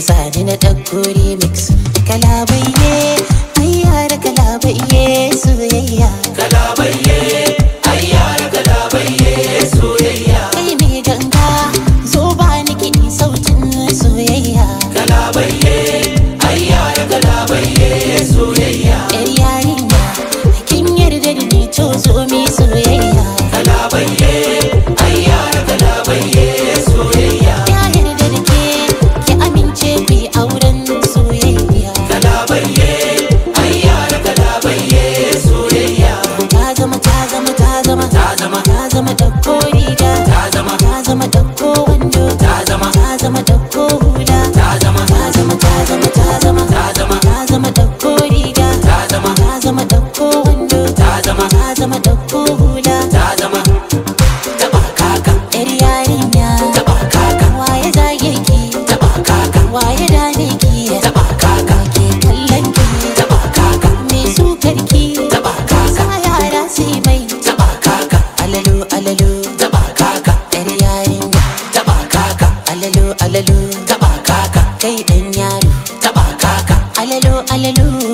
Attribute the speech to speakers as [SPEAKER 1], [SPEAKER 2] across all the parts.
[SPEAKER 1] yasa ni na ɗauko remix kalabaiye ayya da kalabaiye soyayya kalabaiye ayya da kalabaiye soyayya kai mai ganga zo ba ni kiɗi sautin soyayya kalabaiye ayya da kalabaiye soyayya yar yarinya kin yarda da ni to zo mi soyayya kalabaiye alalo taba kaka kai dan yaro taba kaka alalo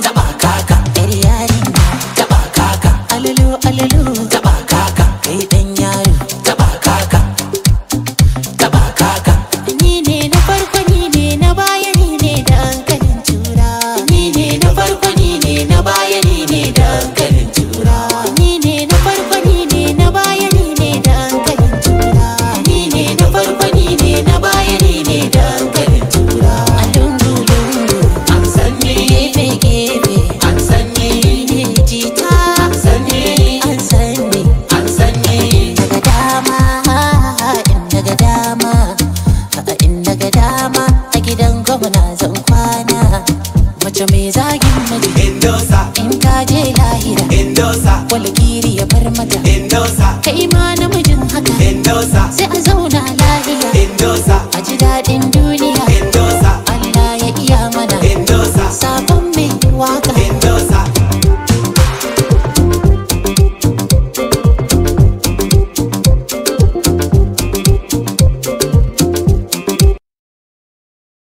[SPEAKER 1] taba kaka zauna zan kwana mace mai zagin miji indosa in ta je lahira indosa walgiri ya bar mata indosa kai ma namijin haka indosa sai a zauna lahira indosa